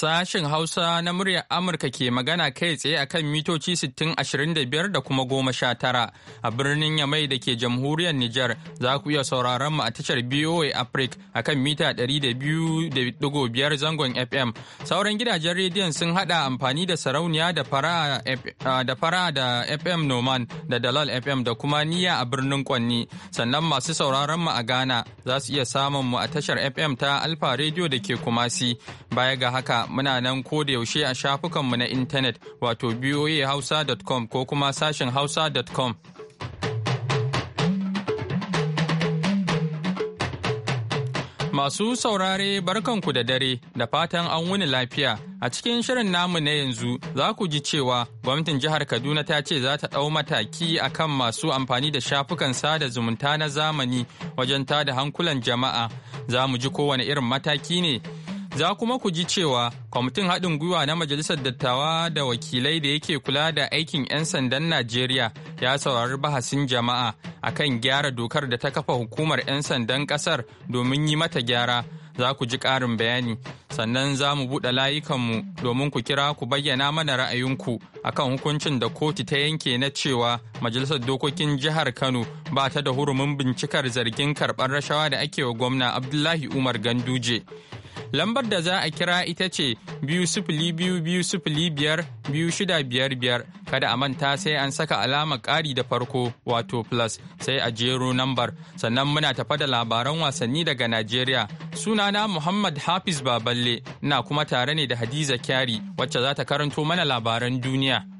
Sashen Hausa na muryar Amurka ke magana kai tsaye akan mitoci 6025 da kuma goma sha tara a birnin Yamai da ke jamhuriyar Nijar za ku iya sauraron mu a tashar BOA Africa kan mita 200.5 zangon FM. Sauran gidajen rediyon sun hada amfani da sarauniya da fara da FM Noman da Dalal FM da kuma niya a birnin Kwanni. Sannan masu sauraron mu a Ghana za su iya samun mu a tashar FM ta Alfa Radio da ke Kumasi. Baya ga haka muna nan ko da yaushe a shafukanmu na intanet wato voahausa.com ko kuma sashen hausa.com. Masu saurare barkanku da dare da fatan an wuni lafiya a cikin shirin namu na yanzu za ku ji cewa gwamnatin jihar Kaduna ta ce za ta ɗau mataki a kan masu amfani da shafukan sada zumunta na zamani wajen tada hankulan jama'a za mu ji kowane irin mataki ne Za kuma ku ji cewa kwamitin haɗin gwiwa na Majalisar Dattawa da wakilai da yake kula da aikin 'yan sandan Najeriya ya saurari bahasin jama'a akan gyara dokar da ta kafa hukumar 'yan sandan ƙasar domin yi mata gyara. Za ku ji ƙarin bayani, sannan za mu buɗe layukanmu domin ku kira ku bayyana mana ra'ayinku akan hukuncin da kotu ta yanke na cewa Majalisar Dokokin Jihar Kano ba ta da hurumin bincikar zargin karɓar rashawa da ake wa gwamna Abdullahi Umar Ganduje. Lambar da za a kira ita ce biyu sufuli biyu biyu sufuli biyar biyu shida biyar biyar kada a manta sai an saka alama ƙari da farko wato plus sai a jero nambar sannan muna tafa da labaran wasanni daga Najeriya sunana Muhammad Hafiz Baballe na kuma tare ne da Hadiza Kyari wacce za ta karanto mana labaran duniya.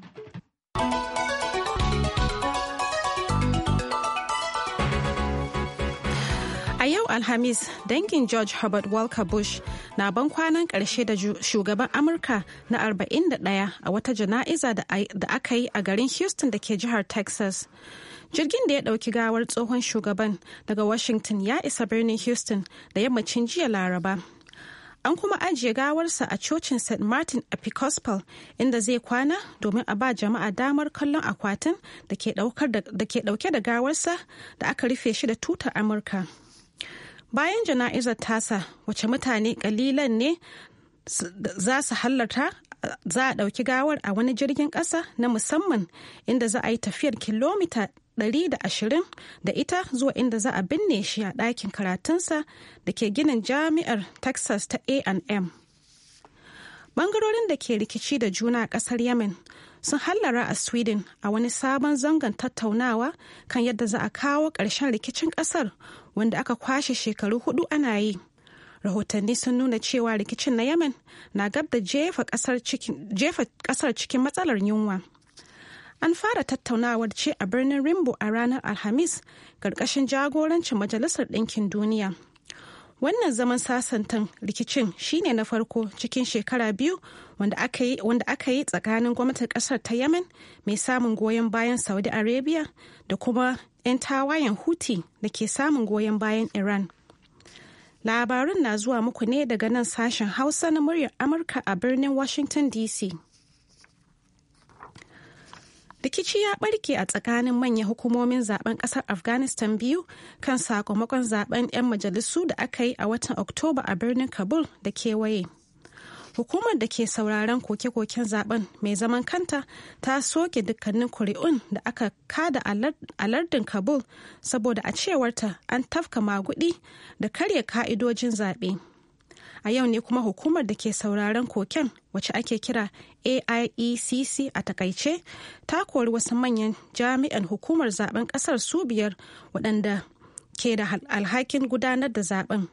Alhamis, dangin George Herbert Walker Bush na ban kwanan karshe da shugaban Amurka na 41 a wata jana'iza da aka yi a garin Houston da ke jihar Texas. Jirgin da ya dauki gawar tsohon shugaban daga Washington ya isa birnin Houston da yammacin jiya Laraba. An kuma ajiye gawarsa a cocin St. Martin Episcopal inda zai kwana domin a ba jama'a damar kallon akwatin da ke dauke da gawarsa da aka rufe shi da tutar Amurka. bayan jana'izar tasa wace mutane kalilan ne za su hallarta za a ɗauki gawar a wani jirgin ƙasa na musamman inda za a yi tafiyar kilomita 120 da ita zuwa inda za a binne shi a ɗakin karatunsa da ke ginin jami'ar texas ta a&m ɓangarorin da ke rikici da juna a ƙasar yemen sun hallara a sweden a wani sabon zangon tattaunawa kan yadda za a kawo ƙarshen rikicin ƙasar wanda aka kwashe shekaru hudu ana yi rahotanni sun nuna cewa rikicin na yemen na gab da jefa kasar cikin matsalar yunwa an fara tattaunawar ce a birnin rimbo a ranar alhamis ƙarƙashin jagorancin majalisar ɗinkin duniya wannan zaman sasantan rikicin shine na farko cikin shekara biyu wanda aka yi tsakanin gwamnatin kasar ta yemen mai samun goyon bayan saudi arabia da kuma 'yan tawayen huti da ke samun goyon bayan iran labarun na zuwa muku ne daga nan sashen hausa na muryar amurka a birnin washington dc rikici ya barke a tsakanin manyan hukumomin zaben kasar afghanistan biyu kan sakamakon zaben 'yan majalisu da aka yi a watan oktoba a birnin kabul da kewaye hukumar da ke sauraron koke-koken zaben mai zaman kanta ta soke dukkanin kuri'un da aka kada a lardin kabul saboda a cewarta an tafka magudi da karya ka'idojin zaɓe a yau ne kuma hukumar da ke sauraron koken wacce ake kira aiecc a takaice ta kori wasu manyan jami'an hukumar zaben kasar su biyar waɗanda ke da alhakin gudanar da zaben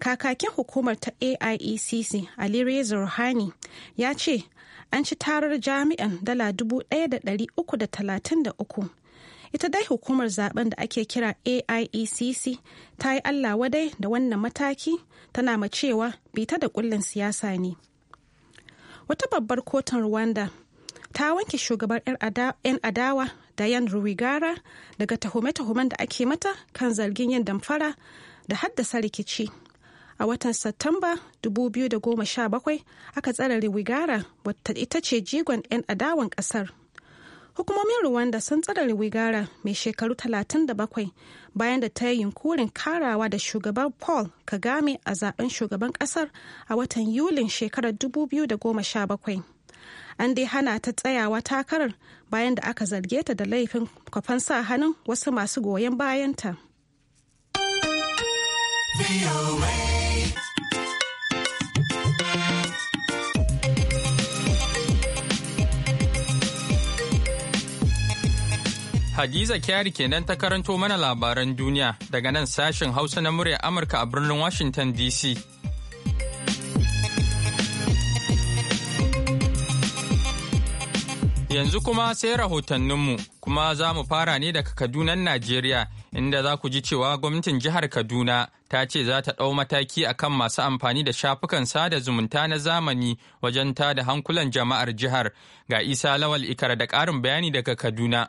kakakin hukumar ta aiecc ali reza ruhani ya ce an ci tarar jami'an dala 1,333 ita dai hukumar zaben da ake kira aiecc ta yi allah wadai da wannan mataki tana macewa bita da kullin siyasa ne wata babbar kotun rwanda ta wanke shugabar 'yan adawa da 'yan Ruwigara daga tuhume-tuhumen da ake mata kan zargin yin damfara da haddasa rikici. a watan Satumba 2017 aka tsare Wigara wata ita ce jigon 'yan adawan ƙasar. Hukumomin Rwanda sun tsare Wigara mai shekaru 37 bayan da ta yi yunkurin karawa da shugaban Paul Kagame a zaben shugaban ƙasar a watan Yulin shekarar 2017. An dai hana ta tsayawa takarar bayan da aka zarge ta da laifin kwafan sa hannun wasu masu goyon bayanta. Hadiza Kyari kenan ta karanto mana labaran duniya daga nan sashen Hausa na murya Amurka a birnin Washington DC. Yanzu kuma sai rahotanninmu kuma za mu fara ne daga Kadunan Najeriya inda za ku ji cewa gwamnatin jihar Kaduna ta ce za ta ɗau mataki akan masu amfani da shafukan sada zumunta na zamani wajen tada hankulan jama'ar jihar ga Isa Lawal Ikara da ƙarin bayani daga Kaduna.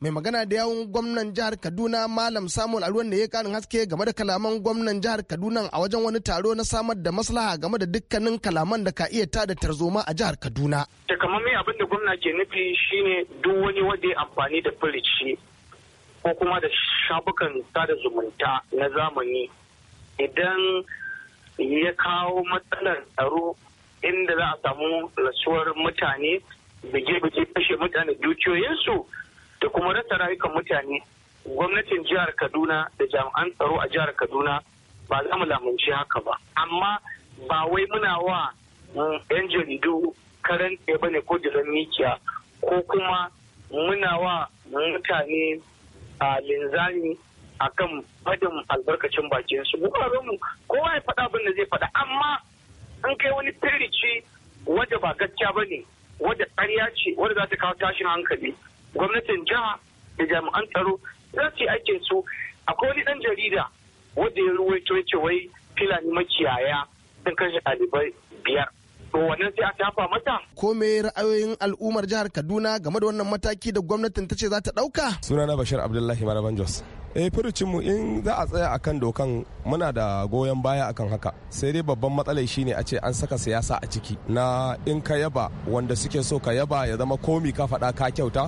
mai magana da yawun gwamnan jihar kaduna malam samuel aruwan da ya karin haske game da kalaman gwamnan jihar kaduna a wajen wani taro na samar da maslaha game da dukkanin kalaman da ka iya tada tarzoma a jihar kaduna Takamaiman abin da gwamna ke nufi shine duk wani wanda ya amfani da firici ko kuma da shafukan sada zumunta na zamani idan ya kawo matsalar tsaro inda za a samu rasuwar mutane bige-bige kashe mutane dukiyoyinsu da kuma rasa rayukan mutane gwamnatin jihar kaduna da jami'an tsaro a jihar kaduna ba za mu lamunci haka ba amma ba wai muna wa mm, 'yan jaridu karan ba ne ko jiran mikiya ko kuma muna wa mm, mutane a linzami kan fadin albarkacin bakin su mu kowa ya faɗa abin da zai faɗa amma an kai wani firici wadda ba gaskiya ba ne wadda ƙarya ce wadda za ta kawo tashin hankali gwamnatin jiha da jami'an tsaro za su yi aikin su akwai wani dan jarida wanda ya ruwaito ya ce wai filani makiyaya sun kashe ɗalibai biyar to wannan sai a tafa mata. Ko me ra'ayoyin al'ummar jihar Kaduna game da wannan mataki da gwamnatin ta ce za ta ɗauka? Sunana Bashir Abdullahi Maraban Jos. Eh mu in za a tsaya akan dokan muna da goyon baya akan haka sai dai babban matsalai shine a ce an saka siyasa a ciki na in ka yaba wanda suke so ka yaba ya zama komi ka faɗa ka kyauta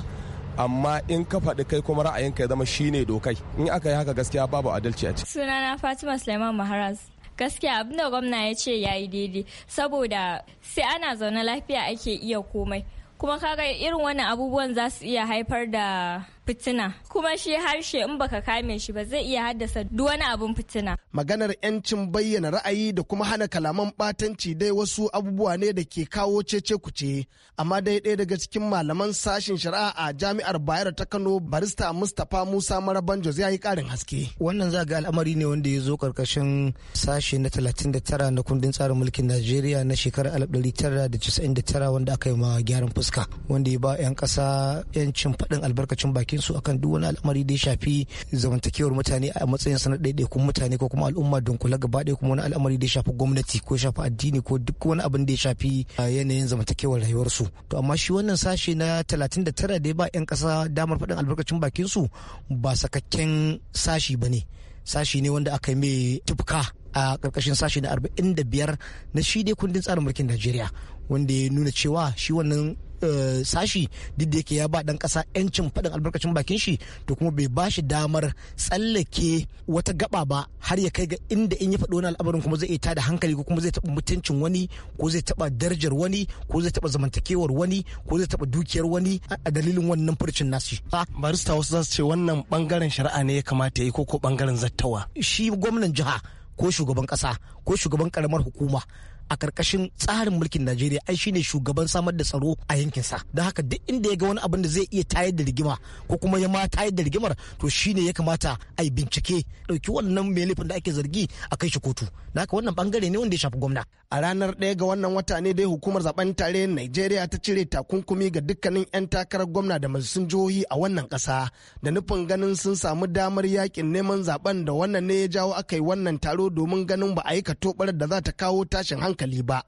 amma in ka faɗi kai kuma ra'ayinka ya zama shine dokai in aka yi haka gaskiya babu adalci a ciki sunana fatima suleiman maharaz gaskiya abin da gwamna ya ce ya yi daidai saboda sai ana zaune lafiya ake iya komai kuma kaga irin wani abubuwan za su iya haifar da fitina kuma shi harshe in baka kame shi ba zai iya haddasa duk wani abun fitina maganar yancin bayyana ra'ayi da kuma hana kalaman batanci dai wasu abubuwa ne da ke kawo cece kuce amma dai ɗaya daga cikin malaman sashen shari'a a jami'ar bayar ta kano barista mustapha musa maraban jos ya yi ƙarin haske wannan za ga al'amari ne wanda ya zo karkashin sashe na 39 na kundin tsarin mulkin najeriya na shekarar 1999 wanda aka yi ma gyaran fuska wanda ya ba 'yan ƙasa 'yancin faɗin albarkacin baki bakin su akan duk wani al'amari da ya shafi zamantakewar mutane a matsayin sana ɗaiɗaikun mutane ko kuma al'umma kula gaba ɗaya kuma wani al'amari da ya shafi gwamnati ko shafi addini ko duk wani abin da ya shafi yanayin zamantakewar rayuwarsu to amma shi wannan sashe na 39 da ya ba 'yan ƙasa damar faɗin albarkacin bakin su ba sakakken sashi ba ne sashi ne wanda aka yi mai tufka a ƙarƙashin sashi na 45 na shi dai kundin tsarin mulkin najeriya wanda ya nuna cewa shi wannan Eh, sashi duk da yake ya ba dan kasa yancin faɗin albarkacin bakin shi to kuma bai ba shi damar tsallake wata gaba ba har ya kai ga inda in ya faɗi wani al'amarin kuma zai iya tada hankali ko kuma zai taɓa mutuncin wani ko zai taɓa darajar wani ko zai taɓa zamantakewar wani ko zai taɓa dukiyar wani a dalilin wannan furcin nasu. barista wasu za ce wannan bangaren shari'a ne ya kamata ya yi ko ko bangaren zattawa. shi gwamnan jiha ko shugaban kasa ko shugaban karamar hukuma a karkashin tsarin mulkin Najeriya ai shine shugaban samar da tsaro a yankin sa don haka duk inda ya ga wani abin da zai iya tayar da rigima ko kuma ya ma tayar da rigimar to shine ya kamata ai bincike dauki wannan mai laifin da ake zargi a kai shi kotu don haka wannan bangare ne wanda ya shafi gwamna a ranar ɗaya ga wannan wata ne dai hukumar zaben tare Najeriya ta cire takunkumi ga dukkanin 'yan takarar gwamna da majalisun jihohi a wannan kasa. da nufin ganin sun samu damar yakin neman zaben da wannan ne ya jawo aka yi wannan taro domin ganin ba a yi katobar da za ta kawo tashin hankali hankali ba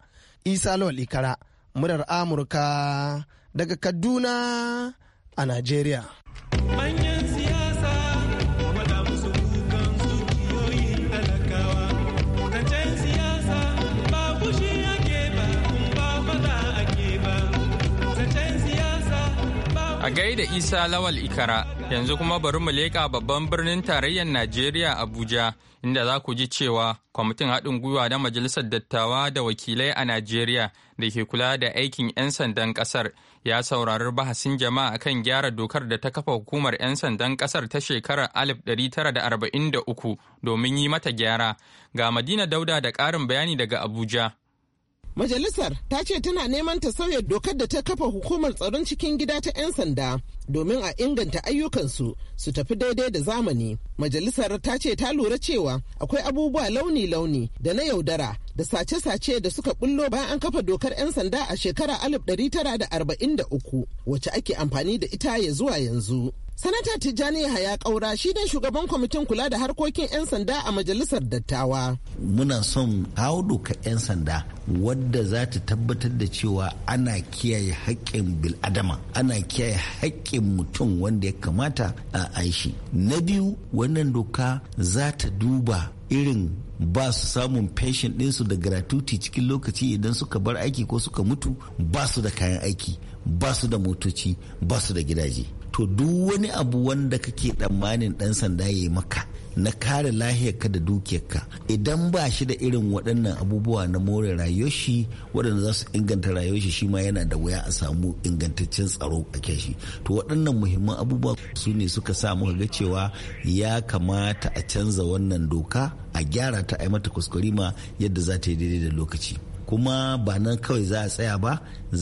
isa lawal ikara murar amurka daga kaduna a najeriya gaida Isa Lawal Ikara, yanzu kuma bari mu leƙa babban birnin tarayyar Najeriya Abuja, inda za ku ji cewa kwamitin haɗin gwiwa na Majalisar Dattawa da Wakilai a Najeriya da ke kula da aikin 'yan sandan ƙasar ya saurari bahasin jama'a akan gyara dokar da ta kafa hukumar 'yan sandan ƙasar ta shekarar ɗari tara da da arba'in uku domin yi mata gyara. Ga Madina Dauda da ƙarin bayani daga Abuja. Majalisar ta ce tana neman ta sauya dokar da ta kafa hukumar tsaron cikin gida ta 'yan sanda domin a inganta ayyukansu su tafi daidai da zamani. Majalisar ta ce ta lura cewa akwai abubuwa launi-launi da na yaudara da sace-sace da suka bullo bayan an kafa dokar 'yan sanda a shekara 1943 wacce ake amfani da ita ya zuwa yanzu. Sanata Tijjani Yahaya Kaura shi ne shugaban kwamitin kula da harkokin 'yan sanda a majalisar dattawa. Muna son hau doka 'yan sanda wadda za ta tabbatar da cewa ana kiyaye haƙƙin bil'adama, ana kiyaye haƙƙin mutum wanda ya kamata a aishi. Na biyu wannan doka za ta duba irin ba su samun pension ɗinsu da gratuity cikin lokaci idan suka bar aiki ko suka mutu ba su da kayan aiki ba su da motoci ba su da gidaje to duk wani abu wanda kake tsammanin dan sanda ya yi maka na kare lahiyarka da dukiyarka idan ba shi da irin waɗannan abubuwa na more rayoshi waɗanda za su inganta rayoshi shi ma yana da wuya a samu ingantaccen tsaro a shi to waɗannan muhimman abubuwa su ne suka sa muka ga cewa ya kamata a canza wannan doka a gyara ta a mata ma yadda za ta yi daidai da lokaci kuma ba nan kawai za a tsaya ba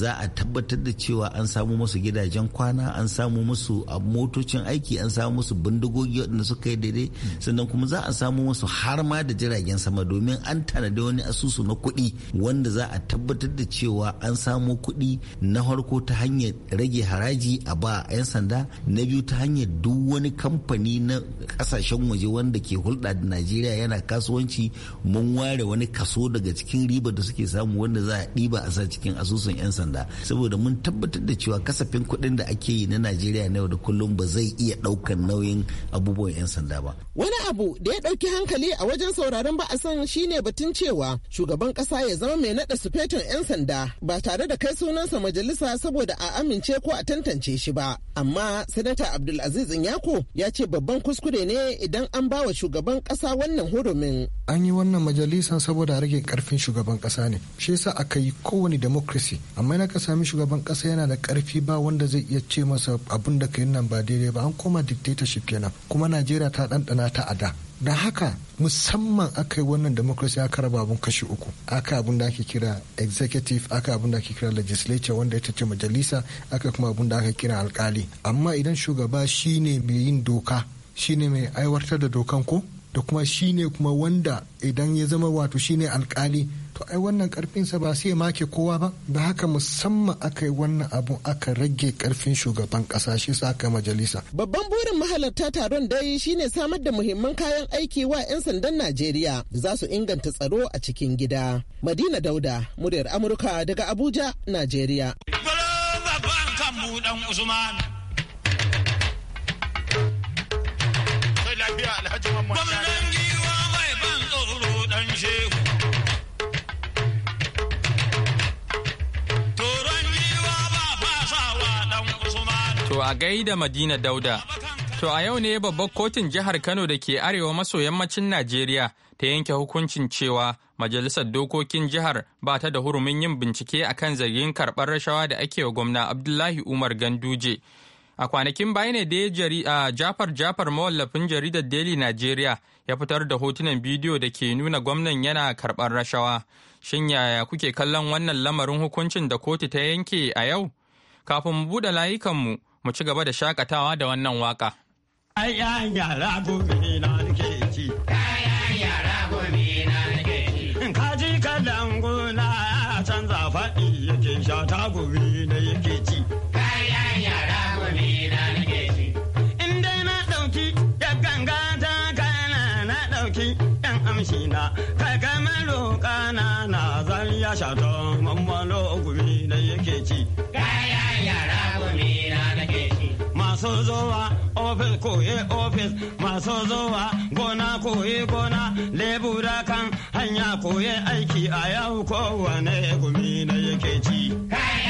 za a tabbatar da cewa an samu musu gidajen kwana an samu musu motocin aiki an samu musu bindigogi waɗanda suka yi daidai sannan kuma za a samu musu har ma da jiragen sama domin an tanadi wani asusu na kuɗi wanda za a tabbatar da cewa an samu kuɗi na farko ta hanyar rage haraji a ba 'yan sanda na biyu ta hanyar duk wani kamfani na ƙasashen waje wanda ke hulɗa da najeriya yana kasuwanci mun ware wani kaso daga cikin riba da suke samu samu wanda za a ɗiba a sa cikin asusun 'yan sanda saboda mun tabbatar da cewa kasafin kuɗin da ake yi na najeriya na yau da kullum ba zai iya ɗaukan nauyin abubuwan 'yan sanda ba wani abu da ya ɗauki hankali a wajen sauraron ba a san shine batun cewa shugaban ƙasa ya zama mai naɗa sufetin 'yan sanda ba tare da kai sunansa majalisa saboda a amince ko a tantance shi ba amma sanata abdulaziz inyako ya ce babban kuskure ne idan an ba wa shugaban ƙasa wannan hurumin an yi wannan majalisa saboda rage karfin shugaban ƙasa ne shi yasa aka yi kowane democracy amma yana ka sami shugaban kasa yana da karfi ba wanda zai iya ce masa abin da ka nan ba daidai ba an koma dictatorship kenan kuma najeriya ta ɗanɗana ta a da da haka musamman aka yi wannan democracy aka raba abun kashi uku aka abun da ake kira executive aka abun da ake kira legislature wanda ita ce majalisa aka kuma abun da aka kira alkali amma idan shugaba shine mai yin doka shine mai aiwatar da dokan ko da kuma shine kuma wanda idan ya zama wato shine alkali to ai wannan karfinsa ba sai make kowa ba da haka musamman aka wannan abun aka rage karfin shugaban kasa shi sa majalisa babban burin mahalarta taron dai shine samar da muhimman kayan aiki wa 'yan sandan najeriya da za su inganta tsaro a cikin gida madina dauda muryar amurka daga abuja najeriya Usman. giwa mai ban dan shehu ba fasawa to a gaida madina dauda To a yau ne babbar kotun jihar Kano da ke arewa maso yammacin Najeriya ta yanke hukuncin cewa majalisar dokokin jihar ba ta da hurumin yin bincike akan zargin karɓar rashawa da ake wa gwamna Abdullahi Umar Ganduje A kwanakin baya ne a Jafar Jafar mawallafin jaridar Daily Nigeria ya fitar da hotunan bidiyo da ke nuna gwamnan yana karɓar rashawa. Shin yaya kuke kallon wannan lamarin hukuncin da kotu ta yanke a yau? Kafin mu buɗe layukanmu, mu ci gaba da shakatawa da wannan waka. ai, kumshi na kai na na zan ya shato mammalo gumi da yake ci. Kaya ya gumi na nake ci. Masu zowa ofis koye ofis masu zowa gona koye gona lebura kan hanya koye aiki a yau kowane gumi da yake ci. Kaya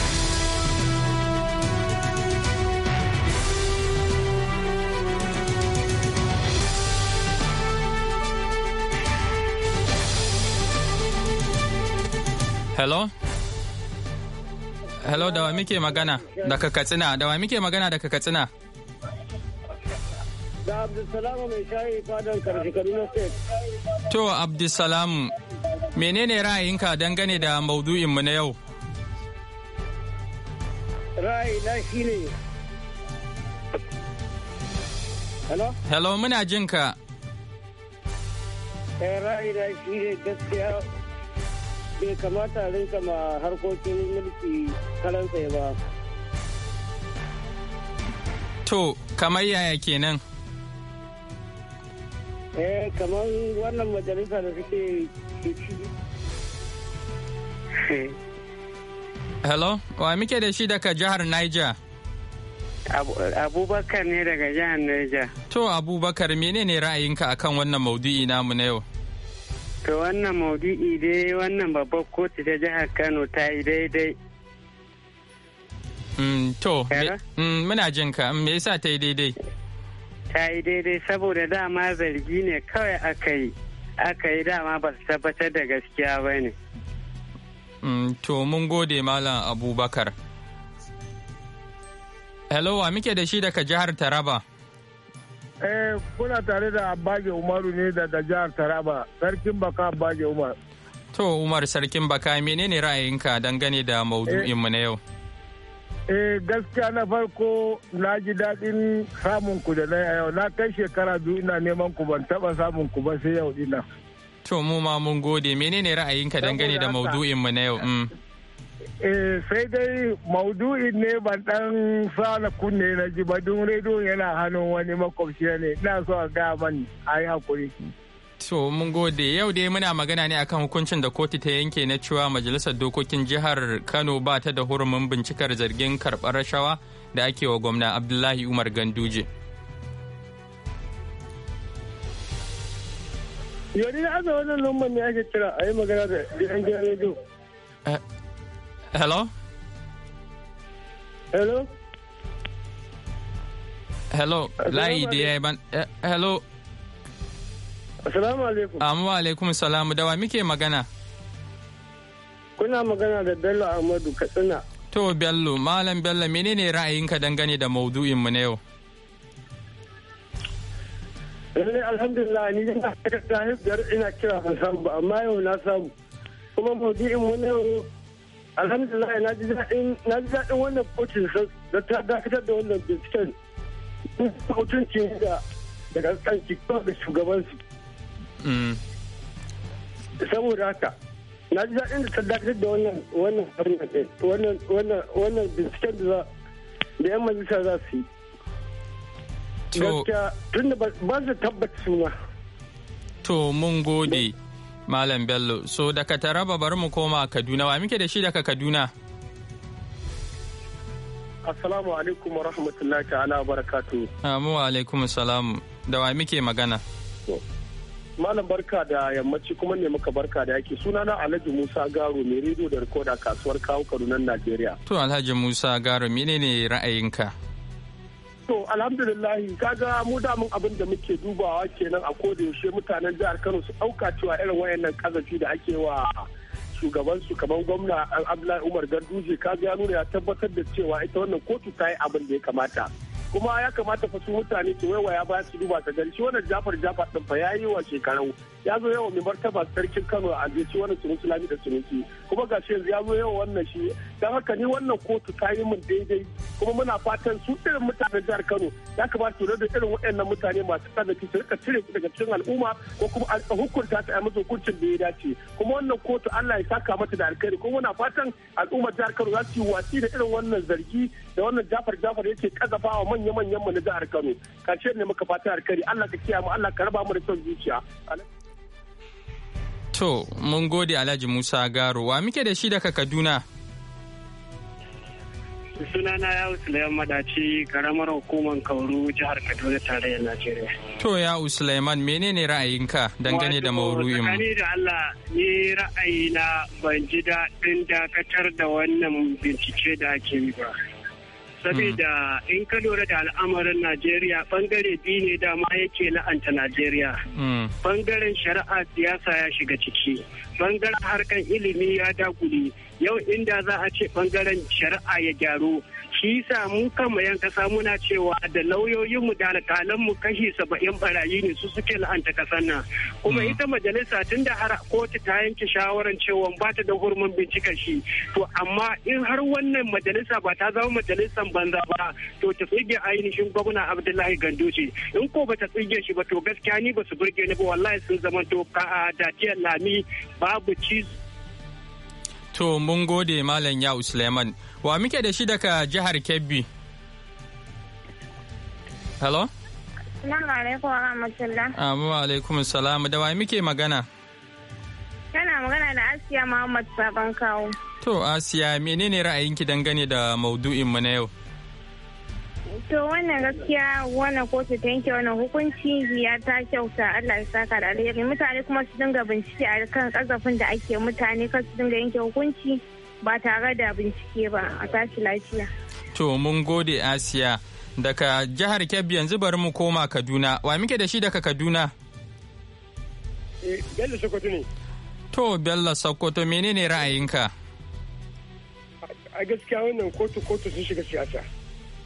hello hello da wa muke magana daga katsina da wa muke magana daga katsina da abdulsalamu mai shayi fadon karshe kaduna state to abdulsalamu menene ra'ayinka dangane da maudu'inmu na yau Ra'ayi na shi ne. hello hello muna jinka eh, ra'ayi na shi ne gaskiya bai kamata rinka ma harkokin mulki ya ba. To, kamar yaya kenan? Eh, kamar wannan majalisa da suke Hello, wa muke da shi daga jihar Niger? Abubakar ne daga jihar Niger. To, Abubakar, menene ra'ayinka akan wannan maudu'i namu na yau? To wannan maudu'i dai wannan babbar kotu ta jihar Kano ta yi daidai. Mm, to, mm, muna jin ka, mm, me yasa ta yi daidai? Ta yi daidai saboda dama zargi ne kawai aka yi, aka yi dama ba su tabbatar da gaskiya ba ne. To, mun gode Malam Abubakar. Hello, wa muke da shi daga jihar Taraba? Eh, kuna tare da Abage Umaru ne daga jihar Taraba, Sarkin Baka Abage Umar. To, Umar Sarkin Baka, menene ra'ayinka dangane da maudu'inmu na yau? Eh, gaskiya na farko na ji daɗin samun ku da na yau. Na kai shekara biyu ina neman ku ban taɓa samun ku ba sai yau ina To, mu ma mun gode, menene ra'ayinka dangane da maudu'inmu na yau? Mm. Eh sai dai maudu'in ne ban dan sana kunne na ji ba don rediyo yana hannun wani makwabci ne ina so a ga ban a hakuri. To mun gode yau dai muna magana ne akan hukuncin da kotu ta yanke na cewa majalisar dokokin jihar Kano ba ta da hurumin bincikar zargin karbar rashawa da ake wa gwamna Abdullahi Umar Ganduje. Yau dai aza wannan lumban ne ake kira a yi magana da gidan rediyo. Eh, Hello? Hello? Hello, layi da ya yi eh, Hello? Assalamu alaikum. Amu alaikum salamu dawa muke magana. Kuna magana da Bello Ahmadu Katsina. To Bello, Malam Bello, menene ra'ayinka dangane da mu na yau? Lallai eh, alhamdulillah ni ina ta hibdar ina kira ban samu ba amma yau na samu. Kuma mu na yau alhamdulillah na ji daɗin wannan kotun da ta dakatar da wannan binciken kotun ce da daga kanci kuma da shugabansu mm. saboda haka na ji daɗin da ta dakatar da wannan wannan wannan wannan wannan binciken da da yan majalisa za su yi gaskiya tun da ba su tabbata suna. to mun gode Malam Bello, so daga Taraba bari mu koma Kaduna, wa muke da shi daga Kaduna? Assalamu alaikum wa rahmatullahi ta'ala wa barakatu. Amu wa alaikum salamu, da wa muke magana? Malam barka da yammaci kuma ne muka barka da yake na Alhaji Musa Garo mai rediyo da rikoda kasuwar kawo Kaduna Najeriya. To Alhaji Musa Garo menene ra'ayinka? to alhamdulillahi kaga mu mun abin da muke dubawa kenan a koda yaushe mutanen jihar Kano su auka cewa irin wayannan kazafi da ake wa shugaban su kamar gwamna Abdullahi Umar Garduje kaga ya nuna ya tabbatar da cewa ita wannan kotu ta yi abin da ya kamata kuma ya kamata fa su mutane su waiwaya ba su duba ta gari shi wannan Jafar Jafar din fa yayi wa shekarau ya zo yawa mai martaba sarkin kano a ziyarci wani sunusi lami da sunusi kuma ga shi ya zo yawa wannan shi don haka ni wannan kotu ta yi min daidai kuma muna fatan su irin mutanen jihar kano ya kamata su da irin waɗannan mutane masu kazafi su rika cire su daga cikin al'umma ko kuma a hukunta su a musu hukuncin da ya dace kuma wannan kotu Allah ya saka mata da alkhairi kuma muna fatan al'ummar jihar Kano za su yi watsi da irin wannan zargi da wannan Jafar Jafar yake kazafawa manya-manyan mu na jihar Kano kace ne muka fata alkhairi Allah ka kiyaye mu Allah ka raba mu da son zuciya To, mun gode Alhaji Musa Garo, wa muke da shi daga Kaduna? Sunana ya Suleiman Madaci, karamar hukumar Kauru, jihar Kaduna, tarayyar Najeriya. To ya Suleiman, menene ra'ayinka dangane da mauru'in? Wato, da Allah, ni ra'ayina ban ji daɗin dakatar da wannan bincike da ake yi ba. Saboda in ka lura da al'amarin Najeriya bangare biyu ne dama yake la'anta Najeriya. Hmm. Bangaren shari'a siyasa ya shiga ciki. Bangaren harkan ilimi ya dagule. Yau inda za a ce bangaren shari'a ya gyaro. shi sa mun kama yan kasa muna cewa da lauyoyin lauyoyinmu da mu kashi saba'in barayi ne su suke la'anta kasar nan kuma mm. ita majalisa tun da har kotu ta yanke shawaran cewa ba ta da hurumin bincika shi to amma in har wannan majalisa ba ta zama majalisan banza ba to ta tsige ainihin gwamna abdullahi ganduje in ko ba ta tsige shi ba to gaskiya ni ba su burge ni ba wallahi sun zama to ka da lami babu ci To mun gode Malam Ya'u Suleiman. Wa muke da shi daga jihar Kebbi? Hello? Salamu alaikum wa rahmatullah. Amu ah, alaikum salamu da wa muke magana? Yana magana da Asiya Muhammad Sabon Kawo. To Asiya menene ra'ayinki dangane da maudu'in mu na yau? to wannan gaskiya wannan kotu ta yanke wannan hukunci ya ta kyauta Allah ya saka da alheri mutane kuma su dinga bincike a kan kazafin da ake mutane kan su dinga yanke hukunci ba tare da bincike ba a tashi lafiya. To mun gode Asiya daga jihar Kebbi yanzu bari mu koma Kaduna wa muke da shi daga Kaduna? Eh, Bello Sokoto ne. To Bello Sokoto menene ra'ayinka? A gaskiya wannan kotu kotu sun shiga siyasa.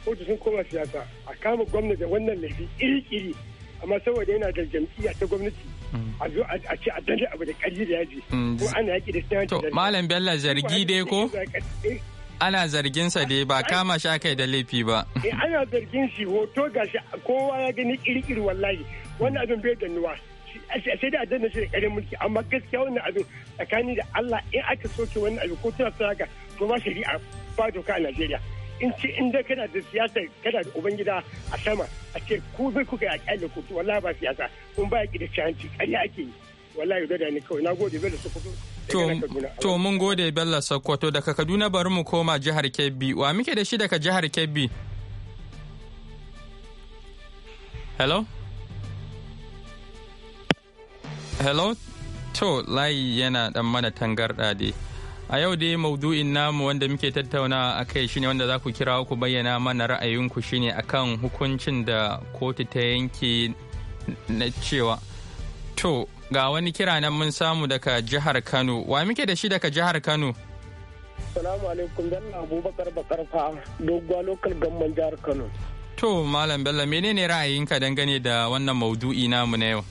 kotu sun koma siyasa a kama gwamnati wannan laifi iri-iri amma saboda yana da jam'iyya ta gwamnati mm. a zo a ce a dande abu da ƙarfi da yaji mm. ko ana yaƙi da sayan to malam bello zargi dai ko ana zargin sa dai ba kama shi kai da laifi ba eh ana zargin shi hoto gashi kowa ya gani kirkiri wallahi wannan abin bai da nuwa sai da danne shi da ƙarin mulki amma gaskiya wannan abin tsakani da Allah in aka soke wannan abin ko tana saraka to ba shari'a ba doka a Najeriya in ce in da kana da siyasa kana da gida a sama a ce ku bai kuka a kyale ku wallahi ba siyasa kun ba ki da shanci ƙarya ake yi yau da ni kawai na nagode bello sokoto to mun gode bello sokoto daga kaduna bari mu koma jihar kebbi wa muke da shi daga jihar kebbi hello hello to layi yana ɗan mana tangarɗa dai A yau dai maudu'in namu wanda muke tattauna a kai shine wanda za ku kira ku bayyana mana ra'ayinku shine akan hukuncin da kotu ta yanke na cewa. To, ga wani kira nan mun samu daga jihar Kano. Wa muke da shi daga jihar Kano? Salamu alaikum, bakar Abubakar fa Dogwa Lokal Gamman Jihar Kano. To, Malam Bello, menene ra'ayinka dangane da wannan maudu'i namu na yau?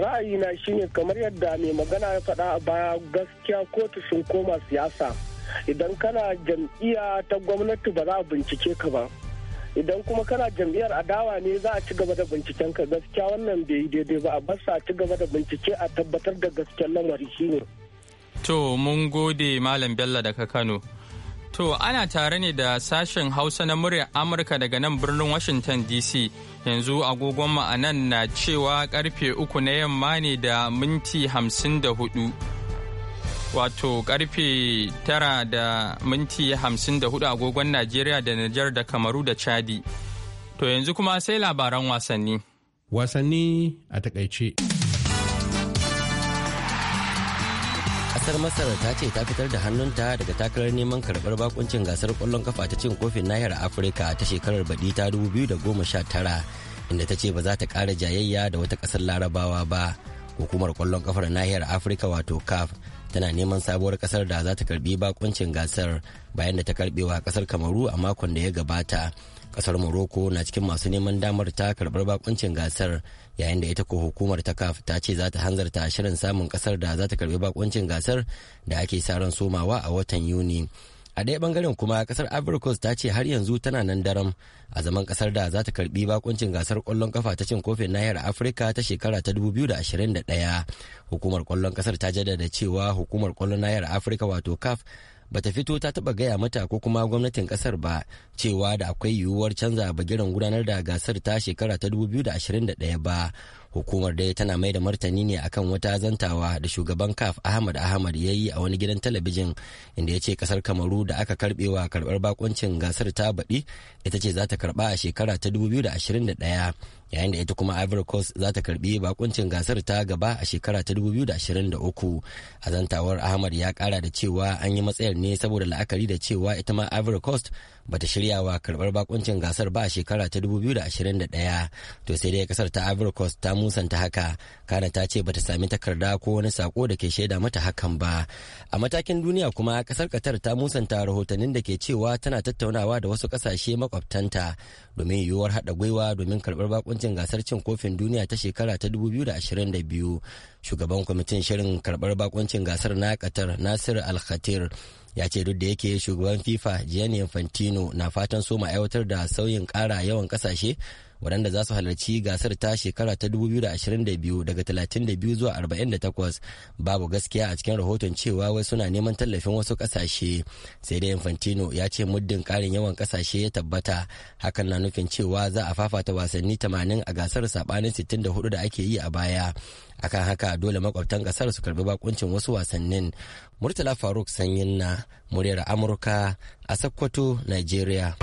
ra'ayina shine kamar yadda mai magana ya faɗa a baya gaskiya kotu sun koma siyasa idan kana jam'iyya ta gwamnati ba za a bincike ka ba idan kuma kana jam'iyyar adawa ne za a ci gaba da binciken ka gaskiya wannan bai daidai ba a basa a ci gaba da bincike a tabbatar da gaskiyar lamari shine to mun gode malam bello daga kano to ana tare ne da sashen hausa na muryar amurka daga nan birnin washington dc yanzu agogon ma'anan na cewa karfe uku na yamma ne da minti hamsin da hudu wato karfe tara da minti hamsin da hudu agogon najeriya da nijar da kamaru da chadi to yanzu kuma sai labaran wasanni wasanni a takaice kasar masar ta ce ta fitar da hannunta daga takarar neman karbar bakuncin gasar kwallon kafa ta cin kofin nahiyar afirka ta shekarar baɗi ta 2019 inda ta ce ba za ta kara jayayya da wata ƙasar larabawa ba hukumar kwallon kafar nahiyar afirka wato caf tana neman sabuwar kasar da za ta karbi bakuncin gasar bayan da ta karbewa kasar kamaru a makon da ya gabata kasar morocco na cikin masu neman damar ta karbar bakuncin gasar yayin da ita ko hukumar ta kaf ta ce za ta hanzarta shirin samun kasar da za ta karbi bakuncin gasar da ake sa ran somawa a watan yuni a ɗaya bangaren kuma kasar ivory ta ce har yanzu tana nan daram a zaman kasar da za ta karbi bakuncin gasar kwallon kafa ta cin kofin nahiyar afirka ta shekara ta 2021 hukumar kwallon kasar ta jaddada cewa hukumar kwallon nahiyar afirka wato caf bata fito ta taba gaya mata ko kuma gwamnatin kasar ba cewa da akwai yiwuwar canza bagiran gudanar da gasar ta shekara ta 2021 ba hukumar dai tana mai da martani ne akan wata zantawa da shugaban kaf ahmad ahmad ya yi a wani gidan talabijin inda ya ce kasar kamaru da aka karbewa karbar bakoncin gasar ta baɗi ita ce za ta karba a shekara ta 2021 yayin da ita kuma ivory coast za ta karbi bakuncin gasar ta gaba a shekara ta 2023 a zantawar ahmad ya kara da cewa an yi matsayar ne saboda la'akari da cewa ita ma ivory coast bata shirya wa karbar bakuncin gasar ba a shekara ta 2021 to sai dai kasar ta ivory coast ta musanta haka kana ta ce bata sami takarda ko wani sako da ke shaida mata hakan ba a matakin duniya kuma kasar qatar ta musanta rahotannin da ke cewa tana tattaunawa da wasu kasashe makwabtanta domin yiwuwar haɗa gwiwa domin karbar bakuncin hukuncin gasar cin kofin duniya ta shekara ta 2022 shugaban kwamitin shirin karbar bakoncin gasar na qatar nasir al-khatir ya ce duk da yake shugaban fifa gianni infantino na fatan so ma aiwatar da sauyin kara yawan kasashe waɗanda za su halarci gasar ta shekara ta 2022 daga 32 zuwa 48 babu gaskiya a cikin rahoton cewa wai suna neman tallafin wasu ƙasashe sai dai infantino ya ce muddin ƙarin yawan ƙasashe ya tabbata hakan na nufin cewa za a fafata wasanni 80 a gasar saɓanin 64 da ake yi a baya akan haka dole makwabtan ƙasar su karbi bakuncin wasu wasannin murtala faruk sanyin na muryar amurka a sakkwato nigeria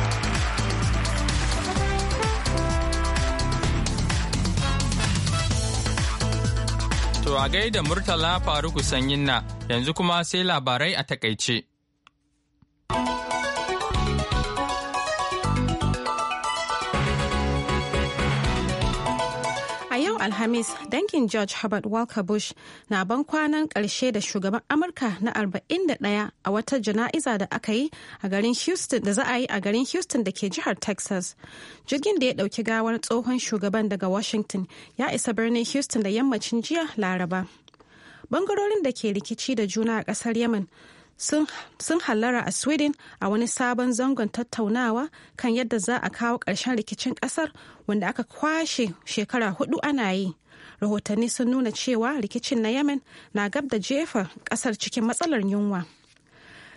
To da Murtala Faruku Sanyin na yanzu kuma sai labarai a takaice. Alhamis, dangin George Herbert Walker Bush na ban kwanan karshe da shugaban Amurka na 41 a wata jana'iza da aka yi a garin Houston da za a yi a garin Houston da ke jihar Texas. Jirgin da ya dauki gawar tsohon shugaban daga Washington ya isa birnin Houston da yammacin jiya Laraba. Bangarorin da ke rikici da juna a kasar Yemen sun hallara a sweden a wani sabon zangon tattaunawa kan yadda za a kawo ƙarshen rikicin ƙasar wanda aka kwashe shekara hudu ana yi rahotanni sun nuna cewa rikicin na yemen na gab da jefa ƙasar cikin matsalar yunwa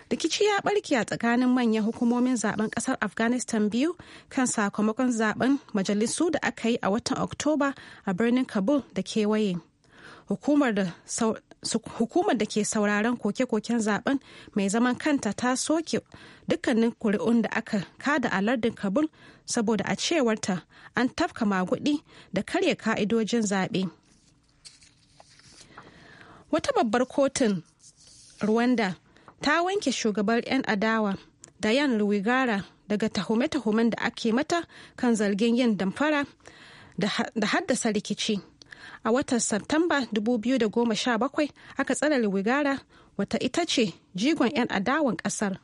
rikici ya ɓarke a tsakanin manyan hukumomin zaben ƙasar afghanistan biyu kan sakamakon zaben majalisu da aka yi a watan oktoba a birnin kabul da kewaye hukumar da hukumar da ke sauraron koke-koken zaben mai zaman kanta ta soke dukkanin kuri'un da aka kada a lardin kabul saboda a cewarta an tafka magudi da karya ka'idojin zaɓe wata babbar kotun rwanda ta wanke shugabar 'yan adawa da 'yan ruwigara daga tahume-tahumen da ake mata kan zargin yin damfara da haddasa rikici a watan Satamba 2017 aka tsare Wigara wata ita ce jigon 'yan adawan kasar.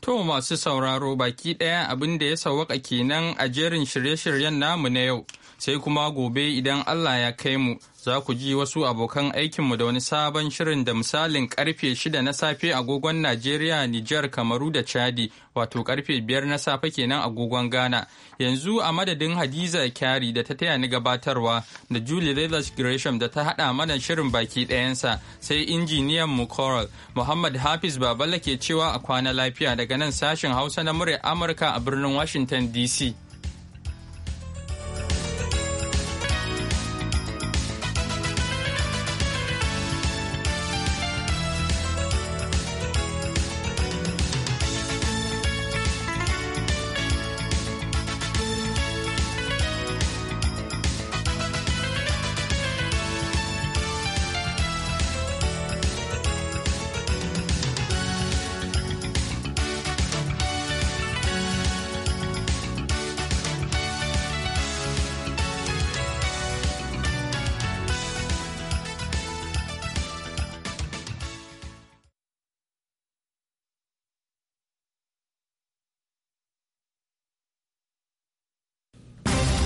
To masu sauraro baki ɗaya abin da ya sauwaka kenan a jerin shirye-shiryen namu na yau, sai kuma gobe idan Allah ya kai mu za ku ji wasu abokan aikinmu da wani sabon shirin da misalin karfe shida na safe agogon Najeriya, Nijar, Kamaru da Chadi, wato karfe biyar na safe kenan agogon Ghana. Yanzu a madadin Hadiza Kyari da ta taya ni gabatarwa da Julie Leathers Gresham da ta haɗa mana shirin baki ɗayansa sai injiniyan mu Coral Muhammad Hafiz Babala ke cewa a kwana lafiya daga nan sashen Hausa na murya Amurka a birnin Washington DC.